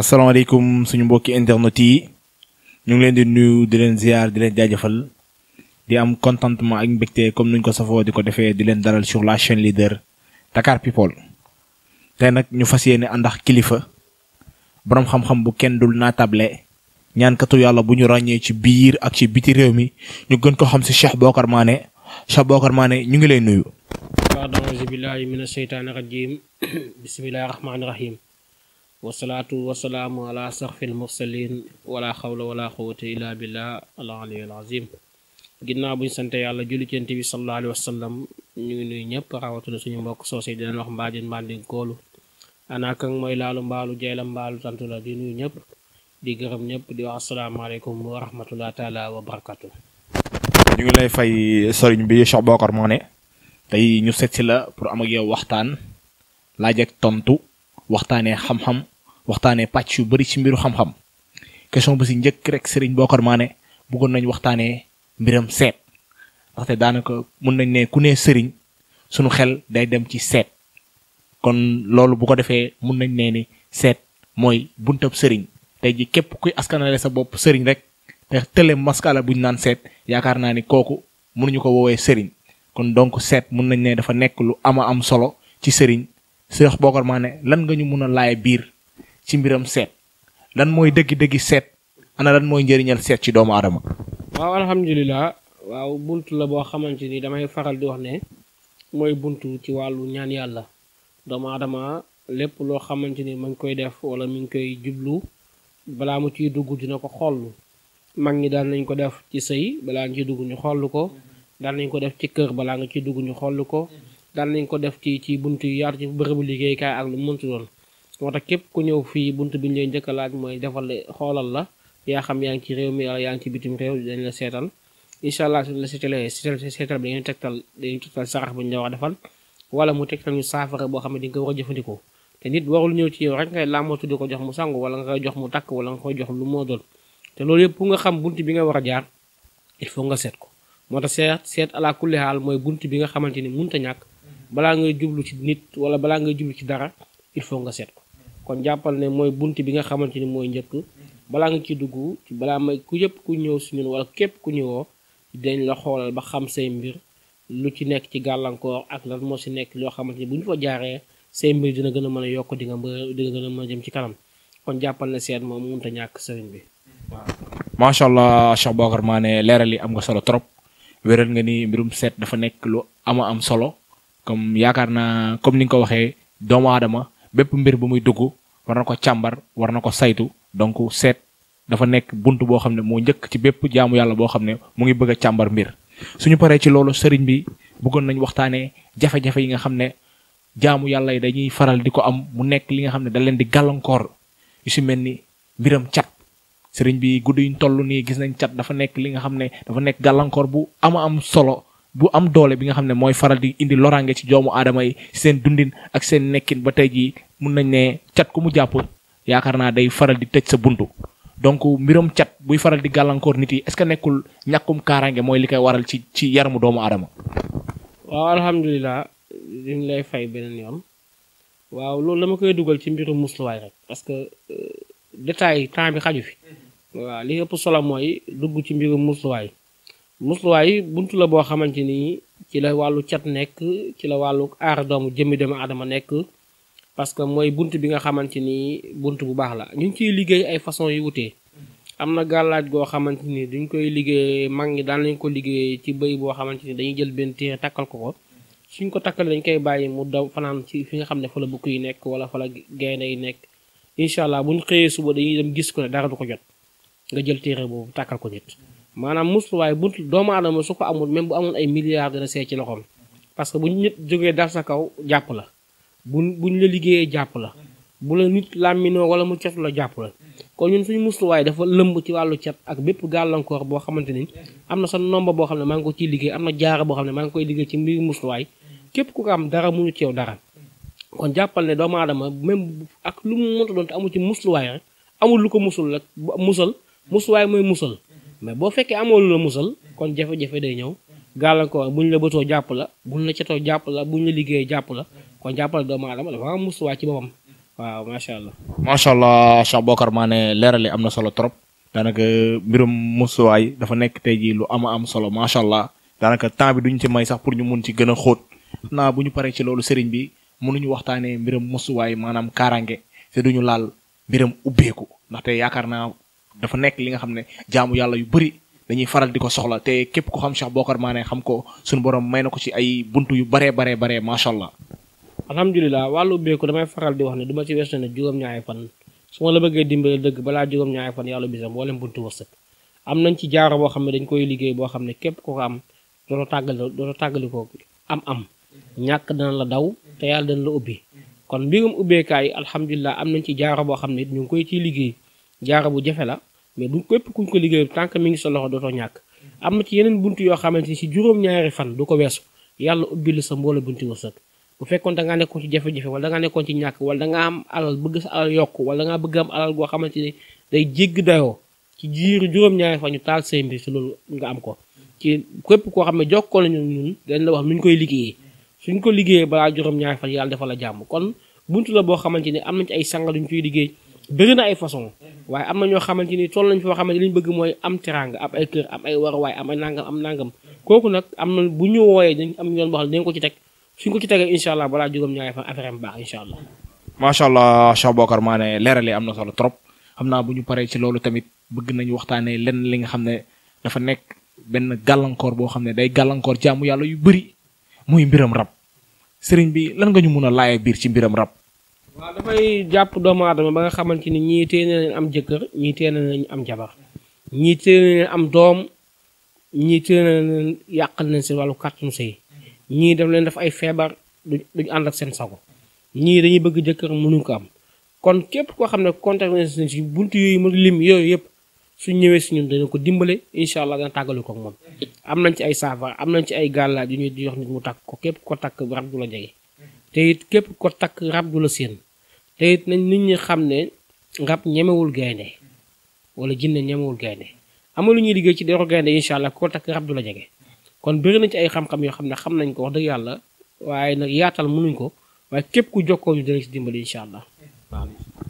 asalaamaaleykum suñu mbokki internet yi ñu ngi leen di nuyu di leen ziar di leen jaajëfal di am contentement ak mbégte comme nuñ ko safoo di ko defee di leen dalal sur la chaîne leader Dakar People tey nag ñu fas yéene ànd ak kilifa boroom xam-xam bu kenn dul naatable ñaankatu yàlla bu ñu ràññee ci biir ak ci biti réew mi ñu gën ko xam si Cheikh Bocar Mané Cheikh Bocar Mané ñu ngi lay nuyu. waaw auzu wasalaatu wasalaamu ala saxfil mursalin wala xawla wala quwata illa billah al aliyul azim ginnaaw buñ sante yàlla julli ci Yonent bi sallallahu alayhi wa sallam ñu ngi nuyu ñëpp rawatina suñu mbokk soose di leen wax mbaajin mbandin koolu mooy laalu mbaalu jayla mbaalu tantu ñëpp di gërëm ñëpp di wax asalaamaaleykum wa rahmatullah taala wa barakatu ñu ñu seet si la pour am yow waxtaan laa ak tontu waxtaanee xam-xam waxtaanee pàcc yu bari ci mbiru xam-xam question ba si njëkk rek Serigne Bokar Mané bëggoon nañ waxtaanee mbiram seet ndaxte daanaka mun nañ ne ku ne Serigne sunu xel day dem ci seet kon loolu bu ko defee mun nañ nee ni seet mooy buntab Serigne tey ji képp kuy askanale sa bopp Serigne rek te tële maskala bu ñu naan seet yaakaar naa ni kooku mënuñu ko woowee Serigne kon donc seet mun nañ nee dafa nekk lu ama am solo ci Serigne. Cheikh Bocar ne lan nga ñu mun a laay biir ci mbiram seet lan mooy dëggi-dëggi seet ana lan mooy njëriñal seet ci doomu aadama waaw alhamdulilah waaw bunt la boo xamante ni damay faral di wax ne mooy bunt ci wàllu ñaan yàlla doomu aadama lépp loo xamante ni ma ngi koy def wala mi ngi koy jublu balaa mu ciy dugg dina ko xollu mag ñi daan nañ ko def ci sëy balaa nga ciy dugg ñu xoll ko daan nañ ko def ci kër balaa nga ciy dugg ñu xoll ko daan nañ ko def ci ci bunt yu yaatu ci bërëbu liggéeykaay ak lu mu mënti doon moo tax képp ku ñëw fii bunt bi ñu lay njëkk laaj mooy defal xoolal la yaa xam yaa ngi ci réew mi wala yaa ngi ci réew dañ la seetal incha allah la seetalee seetal bi dañuy tegtal dañuy tegtal sarax bu ñu la wax defal wala mu tegtal ñu saafara boo xam ne di ko war a jëfandikoo te nit warul ñëw ci yow rek ngay làmbatu di ko jox mu sangu wala nga koy jox mu takk wala nga koy jox lu moo doon te loolu yëpp nga xam bunt bi nga war a jaar il faut nga seet ko moo tax seet seet ala kulli xaal mooy bunt bi nga xamante ni munta ñàkk balaa ngay jublu ci nit wala balaa ngay jublu ci dara il faut nga seet ko kon jàppal ne mooy bunt bi nga xamante ni mooy njëkk balaa nga ci dugg balaa may ku yëpp ku ñëw si ñun wala képp ku ñëwoo dañ la xoolal ba xam say mbir lu ci nekk ci gàllankoor ak lan moo si nekk loo xamante ni bu ñu fa jaaree say mbir dina gën a mën a yokk di nga di nga gën a mën a ci kanam kon jàppal ne seet moom mënut ñàkk sëriñ bi waaw. macha allah Cheikh Bocar Mané leeral yi am nga solo trop wéral nga ni mbirum seet dafa nekk lu ama am solo. comme yaakaar naa comme ni nga ko waxee doomu aadama bépp mbir bu muy dugg war na ko càmbar war na ko saytu donc seet dafa nekk bunt boo xam ne moo njëkk ci bépp jaamu yàlla boo xam ne mu ngi bëgg càmbar mbir suñu paree ci loolu sëriñ bi bëggoon nañ waxtaanee jafe-jafe yi nga xam ne jaamu yàlla yi dañuy faral di ko am mu nekk li nga xam ne da leen di gàllankoor yu si mel ni mbiram cat sëriñ bi guddi yuñ toll nii gis nañ cat dafa nekk nga xam ne dafa nekk gàllankoor bu ama am solo bu am doole bi nga xam ne mooy faral di indi loraange ci doomu aadama yi seen dundin ak seen nekkin ba tey jii mun nañ ne cat ku mu jàpp yaakaar naa day faral di tëj sa buntu donc mbiram cat buy faral di gàllankoor nit yi est-ce que nekkul ñàkkum kaaraange mooy li koy waral ci ci yaramu doomu aadama. waaw alhamdulilah liñ lay fay beneen yoon waaw loolu dama koy dugal ci mbirum musluwaay rek parce que euh, détail temps bi xaju fi mm-hmm. waaw li ëpp solo mooy dugg ci mbirum musluwaay musluwaay bunt la boo xamante ni ci la wàllu cat nekk ci la wàllu aar doomu jëmmi doomu aadama nekk parce que mooy bunt bi nga xamante ni bunt bu baax la ñu ngi ciy liggéey ay façon yu wutee am na gàllaaj goo xamante ni duñ koy liggéey mag ñi daan lañ ko liggéey ci bëy boo xamante ni dañuy jël benn téere takkal ko ko suñ ko takkale dañ koy bàyyi mu daw fanaan ci fi nga xam ne fa la bukk yi nekk wala fa la gaynde yi nekk incha allah ñu xëyee suba dañuy dem gis ko ne dara du ko jot nga jël téere boobu takkal ko nit maanaam musluwaay bunt doomu aadama su ko amul même bu amoon ay milliards dana see ci loxoom parce que bu nit jógee dal sa kaw jàpp la bu buñ la liggéeyee jàpp la bu la nit làmminoo wala mu cof la jàpp la ñun suñu musluwaay dafa lëmb ci wàllu cet ak bépp gàllankoor boo xamante ni am na sa nomba boo xam ne maa ngi ko ciy liggéey am na jaara boo xam ne maa ngi koy liggéey ci mbir musluwaay képp ku ko am dara mënu ci yow dara jàppal ne doomu aadama même ak lu mu mënta amu ci musluwaay amul lu ko musul rek musal musluwaay mooy musal mais boo fekkee amoon lu la musal kon jafe-jafe day ñëw bu buñ la bëtoo jàpp la buñ la cetoo jàpp la buñ la liggéeyee jàpp la kon jàppale doomu aadama dafa am musuwaa ci boppam waaw macha allah. macha allah Cheikh Bokar Mané leerali am na solo trop daanaka mbirum musuwaay dafa nekk tey jii lu ama am solo macha allah daanaka temps bi duñ ci may sax pour ñu mun ci gën a xóot naa bu ñu paree ci loolu sëriñ bi ñu waxtaanee mbiram musuwaay maanaam kaaraange te ñu laal mbiram ubbeeku ndaxte yaakaar naa. dafa nekk li nga xam ne jaamu yàlla yu bëri dañuy faral di ko soxla te képp ko xam Cheikh Bokar Mané xam ko suñu borom may na ko ci ay buntu yu baree baree baree macha allah. alhamdulilah wàllu ubbeeku damay faral di wax ne du ma ci weesu ne juróom-ñaari fan su ma la bëggee dimbale dëgg balaa juróom-ñaari fan yàlla bisam mboolem buntu wërsëg am nañ ci jaaro boo xam ne dañ koy liggéey boo xam ne képp ku ko am dootoo tàggali dootoo tàggali ko am am ñàkk dana la daw te yàlla dana la ubbi kon mbirum ubbeekaay alhamdulilah am nañ ci jaaro boo xam ne ñu ngi koy ciy liggéey jaaro bu jafe la mais bu képp kuñ ko liggéey tant que mi ngi sa loxo dootoo ñàkk am na ni si juróom-ñaari fan du ko weesu yàlla ubbi la sa mboole da ngaa nekkoon ci jafe-jafe wala da ngaa nekkoon ci ñàkk wala da ngaa am alal bëgg sa alal yokk wala da ngaa bëgg am alal goo xamante ni day jégg dayoo ñaari fan ñu taal seen mbir si loolu am ko ci koo xam ne jokkoo nañu ñun dañ la wax ñu koy liggéeyee suñ ko liggéeyee balaa juróom-ñaari fan yàlla dafa la jàmm kon bunt la boo xamante ne am na ci ay sangal duñ ciy liggéey bëri na ay façon waaye am na ñoo xamante ni toll nañ foo xamante li bëgg mooy am teraanga am ay kër am ay waruwaay am nangam am nangam kooku nag am na bu ñu wooyee dañ am yoon boo xam ne dañ ko ci teg suñ ko ci tegee incha allah balaa juróom-ñaari fan affaire am baax incha macha allah Cheikh Bokar Mané leerali am na solo trop xam naa bu ñu paree ci loolu tamit bëgg nañu waxtaanee lenn li nga xam ne dafa nekk benn gàllankoor boo xam ne day gàllankoor jaamu yàlla yu bëri muy mbiram rab sëriñ bi lan nga ñu mun a laaya biir ci mbiram rab waaw dafay jàpp doomu aadama ba nga xamante ni ñii teel am jëkkër ñii teel nañ am jabar ñii teel am doom ñii teel nañ yàqal nañ seen wàllu kàttanu sëy ñii daf leen def ay feebar duñ ànd ak seen sago ñii dañuy bëgg jëkkër mënuñ ko am kon képp koo xam ne contact nañ bunt buntu yooyu mu lim yooyu yëpp suñ ñëwee si ñun dana ko dimbale incha allah dana tàggalu ko ak moom am nañ ci ay saafara am nañ ci ay gàllaaj yu ñuy jox nit mu takk ko képp ko takk rab du la jege te it képp ko takk rab du la séen te it nañ nit ñi xam ne rab ñemewul gaynde wala jinne ñemewul gaynde ama lu ñuy liggéey ci deru gaynde incha ko takk rab kon bëri na ci ay xam-xam yoo xam ne xam nañ ko wax yàlla waaye nag yaatal mënuñ ko waaye képp ku jokkoo ñu dina ci dimbali incha allah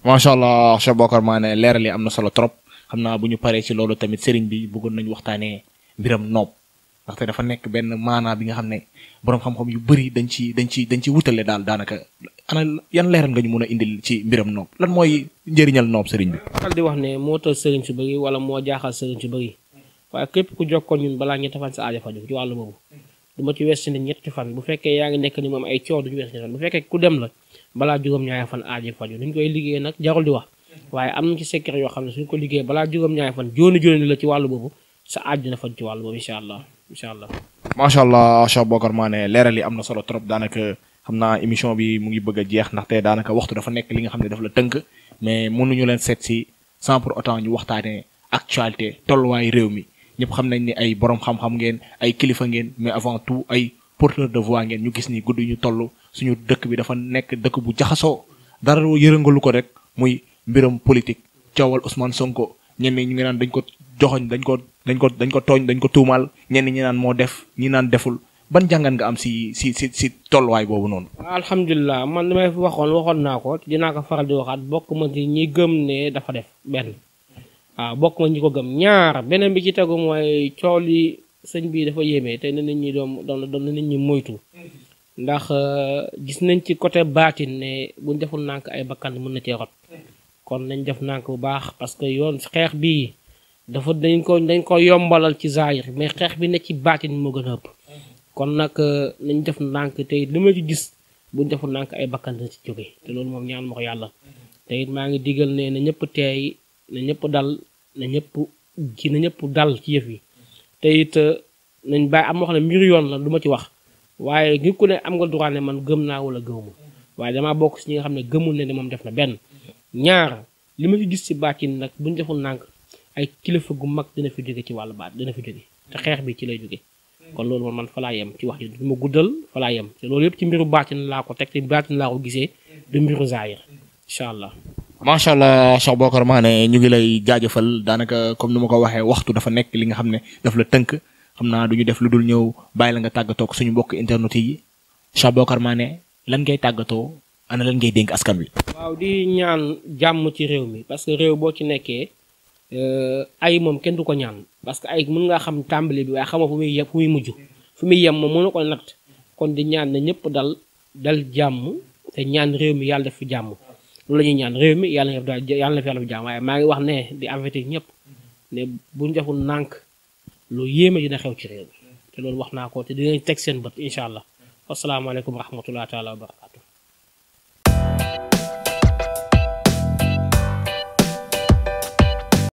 waaw macha allah Cheikh am na solo trop xam naa ñu paree ci loolu tamit sëriñ bi bëggoon nañu waxtaanee mbiram noob ndaxte dafa nekk benn maanaa bi nga xam ne boroom xam-xam yu bëri dañ dañ ci dañ ci wutale daal daanaka ana yan leeral nga ñu mën a indil ci mbiram noob lan mooy njëriñal noob sëriñ bi. xal di wax ne moo tëj sëriñ su bëri wala moo jaaxal sëriñ su bëri waaye képp ku jokkoo ñun balaa ñetti fan sa aajo faju ci wàllu boobu du ma bu fekkee yaa ngi nekk ni moom ay coow du ci ku dem la balaa juróom-ñaari fan aajo koy liggéey nag jarul di wax waaye am na ci secret yoo xam ne suñ ko liggéey balaa juróom-ñaari fan jóoni jóoni la ci wàllu boobu sa aaj dina faj ci wàllu boobu incha allah incha allah. macha allah Cheikh Bokar Mané leeral yi am na solo trop daanaka xam naa émission bi mu ngi bëgg a jeex ndax tey daanaka waxtu dafa nekk li nga xam ne daf la tënk mais mënuñu leen seet si sans pour autant ñu waxtaanee actualité tolluwaay réew mi ñëpp xam nañ ni ay borom xam-xam ngeen ay kilifa ngeen mais avant tout ay porteur de voix ngeen ñu gis ni guddi ñu toll suñu dëkk bi dafa nekk dëkk bu jaxasoo dara yërëngalu ko rek muy mbiram politique coowal Ousmane Sonko ñenn ñu ngi naan dañ ko joxoñ dañ ko dañ ko dañ ko tooñ dañ ko tuumaal ñenn ñi ban jàngat nga am si si si tolluwaay boobu noonu. alhamdulilah man li may waxoon waxoon naa ko dinaa ko faral di waxaat bokk ma ci ñi gëm ne dafa def benn waaw bokk ma ñi ko gëm ñaar beneen bi ci tegu mooy cool yi sëñ bii dafa yéeme te ne nañ ñi doom doom na nit ñi moytu. ndax euh, gis nañ ci côté baatin ne buñ deful nànk ay bakkan mën na cee rot kon nañ def nànk bu baax parce que yoon xeex bii dafa dañ ko dañ ko yombalal ci zaahir mais xeex bi ne ci baatin moo gën a ëpp kon nag euh, nañ def ndànk tey li ma ci gis buñ deful ndànk ay bakkan dina ci jóge loolu moom ñaan ma yàlla te it maa ngi digal ne na ñëpp teey na ñëpp dal na ñëpp na ñëpp dal ci yëf yi te it euh, nañ bàyyi am wax ne mbir yoon la du ma ci wax waaye ngi ku ne am nga droit man gëm naa wala gëmuma waaye damaa bokk si ñi nga xam ne gëmul ne ne moom def na benn ñaar li ma gis si baatin nag buñ deful ndànk ay kilifa gu mag dina fi jóge ci wàllu baat dina fi jóge te xeex bi ci lay jóge kon loolu moom man fa laa yem ci wax ji du ma guddal fa laa yem te loolu yëpp ci mbiru baatin laa ko teg te baatin laa ko gisee du mbiru zaahir incha allah. macha allah Cheikh Bokar Mané ñu ngi lay jaajëfal daanaka comme ni ma ko waxee waxtu dafa nekk li nga xam ne daf la tënk xam naa du ñu def lu dul ñëw bàyyi la nga tàggatoo ak suñu mbokk internet yi Cheikh Bokar Mané lan ngay tàggatoo ana lan ngay dénk askan waaw di ñaan jàmm ci réew mi parce réew Euh, ay moom kenn du ko ñaan parce que ay mën ngaa xam tàmbali bi waaye xamoo fu muy yem fu muy mujj fu muy yem moom mënu ko natt kon di ñaan na ñëpp dal dal jàmm te ñaan réew mi yàlla def fi jàmm la ñuy ñaan réew mi yàlla na yàlla na fi yàlla fi jàmm waaye maa ngi wax ne di avertir ñëpp ne buñ deful nànk lu yéeme dina xew ci réew mi te loolu wax naa ko te dinañ teg seen bët incha allah wasalaamaaleykum wa rahmatulah taala wa barakatu